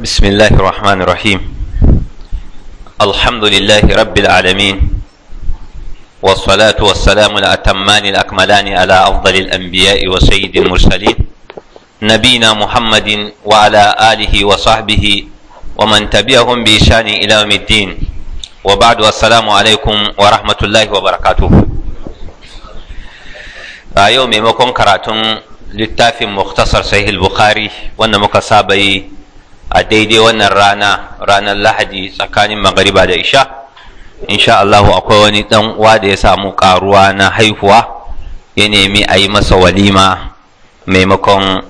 بسم الله الرحمن الرحيم الحمد لله رب العالمين والصلاة والسلام الأتمان الأكملان على أفضل الأنبياء وسيد المرسلين نبينا محمد وعلى آله وصحبه ومن تبعهم بإشان إلى يوم الدين وبعد والسلام عليكم ورحمة الله وبركاته يومي مكون كراتون للتافي مختصر سيه البخاري وأن مكسابي a daidai wannan rana ranar lahadi tsakanin magariba da isha insha Allah akwai wani dan uwa da ya samu karuwa na haihuwa ya nemi a yi masa walima maimakon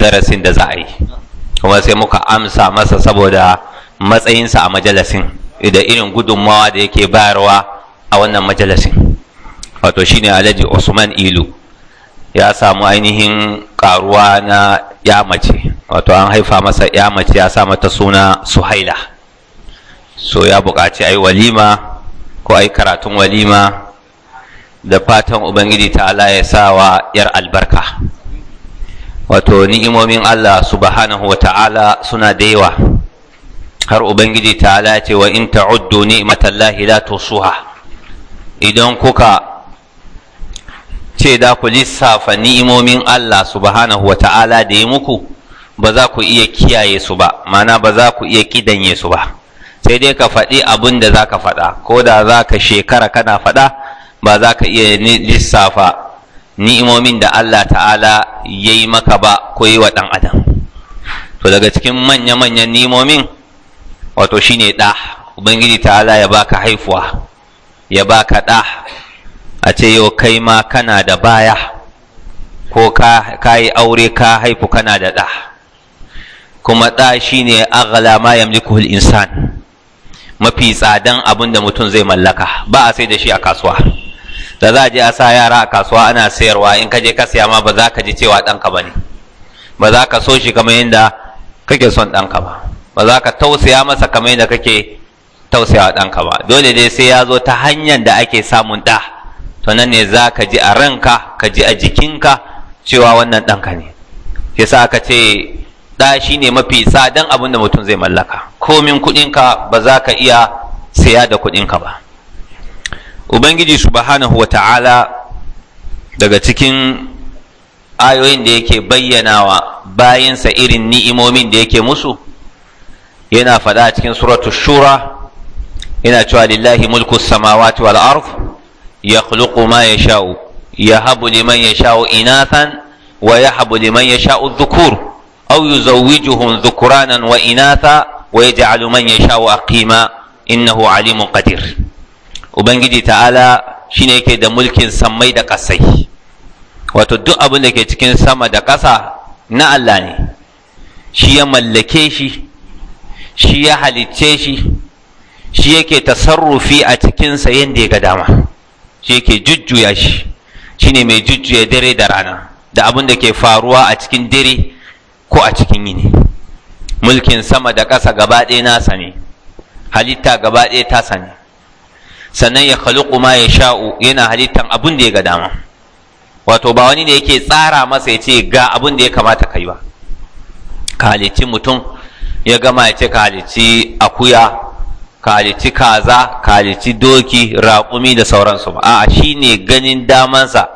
darasin da za a yi kuma sai muka amsa masa saboda matsayinsa a majalasin da irin gudunmawa da yake bayarwa a wannan majalasin wato shine alhaji usman ilu ya samu ainihin karuwa na ya mace wato an haifa masa ya mace ya sa mata suna suhaila so ya buƙaci ai walima ko ai karatun walima da fatan ubangiji ta Ala ya sa wa yar albarka wato ni'imomin Allah subhanahu wa ta'ala suna da yawa har ubangiji ta ta'ala ce wa in ta'uddu ni'matallahi la tusuha idan kuka ce da ku lissafa ni'imomin Allah subhanahu wa ta'ala da ya muku ba za ku iya kiyaye su ba mana ba za ku iya kidanye su ba sai dai ka faɗi abin da za ka faɗa ko da za ka shekara kana faɗa ba za ka iya lissafa ni'imomin da Allah ta'ala ya yi maka ba ko yi wa ɗan adam to daga cikin manya-manyan ni'imomin wato shi ne ɗa ubangiji ta'ala ya baka haifuwa ya baka ɗa a ce yau kai ma kana da baya ko ka yi aure ka haifu kana da ɗa kuma ɗa shi ne agala ma yamliku insan mafi tsadan abin da mutum zai mallaka ba a sai da shi a kasuwa da za a je a sa yara a kasuwa ana sayarwa in ka je ka siya ma ba za ka ji cewa ɗanka ba ne ba za ka so shi kamar yadda kake son ɗanka ba ba za ka tausaya masa kamar yadda kake tausayawa ɗanka ba dole dai sai ya zo ta hanyar da ake samun ɗa to nan ne za ka ji a ranka ka ji a jikinka cewa wannan ɗanka ne Ya sa aka ce ɗa shi ne mafi tsadan abin da mutum zai mallaka komin kuɗinka ba za ka iya saya da kuɗinka ba ubangiji subhanahu wa ta'ala daga cikin ayoyin da yake bayyanawa bayansa irin ni'imomin da yake musu yana faɗa cikin suratu shura yana cewa lillahi mulku samawati wal ardh يخلق ما يشاء يهب لمن يشاء إناثا ويهب لمن يشاء الذكور أو يزوجهم ذكرانا وإناثا ويجعل من يشاء أقيما إنه عليم قدير وبنجي تعالى shine yake da mulkin sammai da ƙasai wato duk abin da ke cikin sama da ƙasa na Allah ne shi ya mallake shi shi ya halicce shi shi yake tasarrufi a cikinsa yadda ya dama shi yake jujjuya shi shi ne mai jujjuya dare da rana da abin da ke faruwa a cikin dare ko a cikin yini mulkin sama da ƙasa gaba ɗaya nasa ne halitta gaba ɗaya ta sani sannan ya khaluqu ma ya sha'u yana halittan abin da ya ga dama wato ba wani ne yake tsara masa ya ce ga abin da ya kamata kai ba ka mutum ya gama ya ce ka halicci akuya kalici kaza kalici doki raƙumi da sauransu a shi ne ganin damansa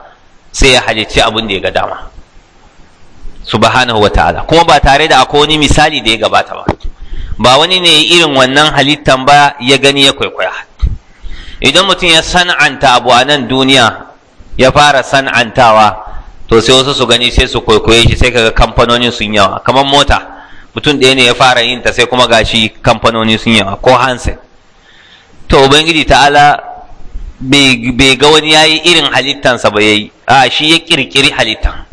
sai ya halicci abin da ya ga dama subhanahu wa ta'ala kuma ba tare da akwai wani misali da ya gabata ba ba wani ne irin wannan halittan ba ya gani ya kwaikwaya idan mutum ya san'anta abu a nan duniya ya fara san'antawa to sai wasu su gani sai su kwaikwaye shi sai kaga kamfanonin sun yawa kamar mota mutum ɗaya ne ya fara yin ta sai kuma gashi kamfanoni sun yawa ko Hansen. to ubangiji ta'ala bai ga wani yayi irin halittansa ba yayi a shi ya ƙirƙiri halittan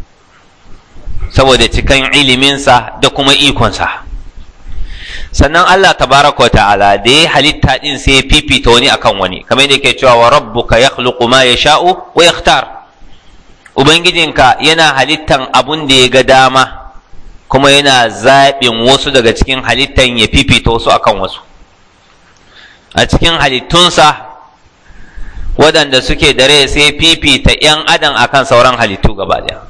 saboda cikan iliminsa da kuma ikonsa sannan Allah tabaraka ta'ala da ya halitta din sai ya fifita wani akan wani kamar yadda yake cewa wa rabbuka yakhluqu ma yasha'u wa yakhtar ubangijinka yana halittan abun da ya ga dama kuma yana zaɓin wasu daga cikin halittan ya fifita wasu akan wasu a cikin halittunsa waɗanda suke da rai sai fifita 'yan adam akan sauran halittu gaba ɗaya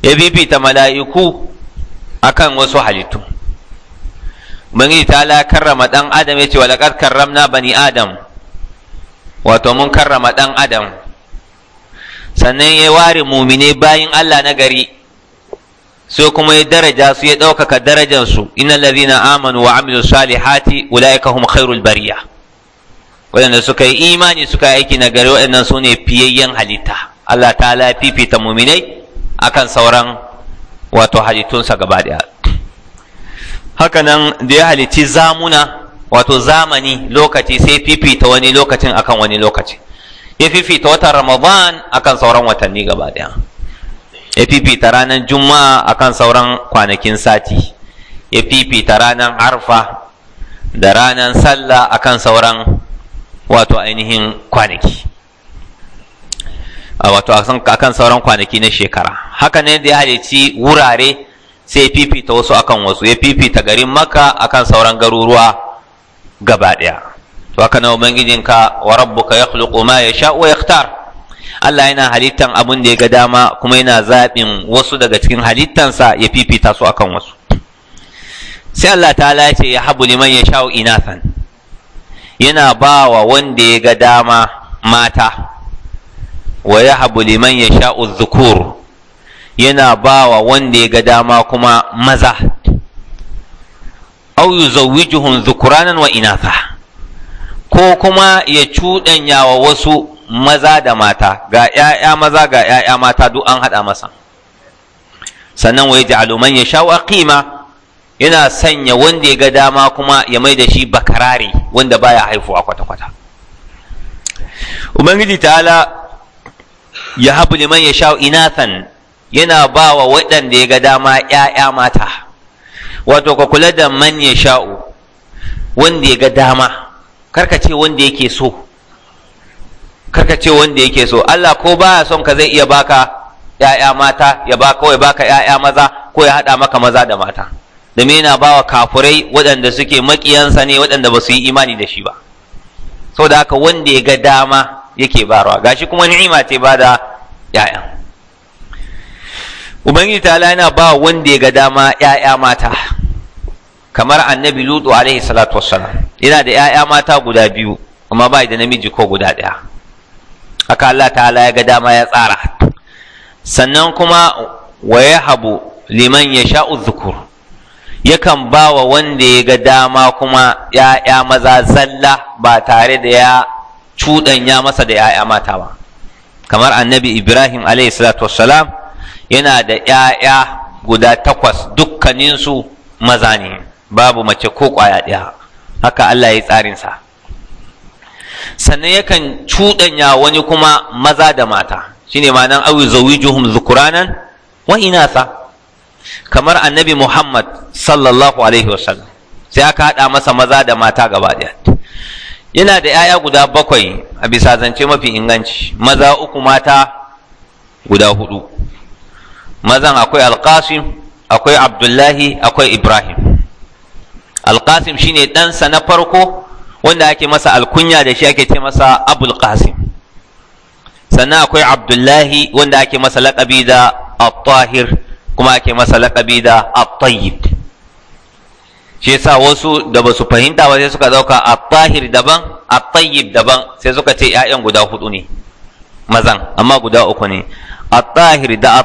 ya fifita mala'iku akan wasu halittu bangi ta la karrama ɗan adam ya ce walaƙar karramna bani adam wato mun karrama ɗan adam sannan ya ware mumine bayin allah na gari sai kuma ya daraja su ya ɗaukaka darajansu innal na amanu wa amilu salihati ulaika hum khairul bariya waɗanda suka yi imani suka yi aiki nagari waɗannan su ne fiyayyen halitta Allah Ta ta'ala fifita muminai akan sauran wato halittunsa gaba ɗaya haka nan da ya halitti zamuna wato zamani lokaci sai fifita wani lokacin akan wani lokaci ya fifita watan ramadan akan sauran watanni gaba ɗaya ya fifita ranar juma'a akan sauran kwanakin sati ya fifita ranar arfa da ranar sallah akan sauran wato ainihin kwanaki wato akan sauran kwanaki na shekara haka ne da ya halici wurare sai fifita wasu akan wasu ya fifita garin maka akan sauran garuruwa gaba ɗaya to haka na ubangijinka wa rabbuka yakhluqu ma sha wa yakhtar Allah yana halittan abin da ya ga dama kuma yana zaɓin wasu daga cikin halittansa ya fifita su akan wasu sai Allah ta ce ya habu liman ya sha'u inathan yana ba wa wanda ya ga dama mata wa ya habu liman ya sha'u zukur yana ba wa wanda ya ga dama kuma maza au yuzawwijuhum zukuranan wa inatha ko kuma ya cuɗanya wa wasu maza da mata ga ‘ya'ya maza ga ‘ya'ya mata duk an haɗa masa sannan wai ya man wa ƙima yana sanya wanda ya ga dama kuma ya mai da shi bakarare wanda baya haifuwa kwata-kwata ubangiji ta'ala ya habu liman sha inathan yana ba wa waɗanda ya ga dama ‘ya'ya mata wato ka kula da man ya yasha'u wanda ya ga dama karka ce wanda yake so karka ce wanda yake so Allah ko baya son ka zai iya baka ‘ya'ya mata ya ba kawai baka ‘ya'ya maza ko ya haɗa maka maza da mata domin yana bawa kafurai waɗanda suke makiyansa ne waɗanda ba su yi imani da shi ba saboda haka wanda ya ga dama yake barawa gashi kuma ni'ima ce ba da ‘ya'ya ubangiji ta yana ba wanda ya ga dama ‘ya'ya mata kamar annabi lutu alaihi salatu wassalam yana da ‘ya'ya mata guda biyu amma ba da namiji ko guda ɗaya haka Allah ta'ala ya ga dama ya tsara sannan kuma wa ya habu liman ya sha'u zukur yakan ba wa wanda ya ga dama kuma ‘ya'ya maza zalla ba tare da ya cuɗanya masa da ‘ya'ya mata ba kamar annabi ibrahim wassalam yana da ‘ya'ya guda takwas dukkaninsu maza ne babu mace ko ƙwaya ɗaya haka allah ya yi tsarinsa sannan yakan cuɗanya wani kuma maza da mata shine ma'anar awi zawijuhum zukuranan wa sa. kamar annabi Muhammad sallallahu alaihi wasallam sai aka haɗa masa maza da mata gaba ɗaya yana da 'ya'ya guda bakwai a bisa zance mafi inganci maza uku mata guda hudu mazan akwai alkasim akwai abdullahi akwai ibrahim alkasim shine ɗansa na farko wanda ake masa alkunya da shi ake ce masa abul qasim sannan akwai abdullahi wanda ake masa laƙabi da at-tahir kuma ake masa laƙabi da at-tayyib shi yasa wasu da ba su fahimta ba sai suka dauka at-tahir daban at-tayyib daban sai suka ce 'ya'yan guda hudu ne mazan amma guda uku ne at-tahir da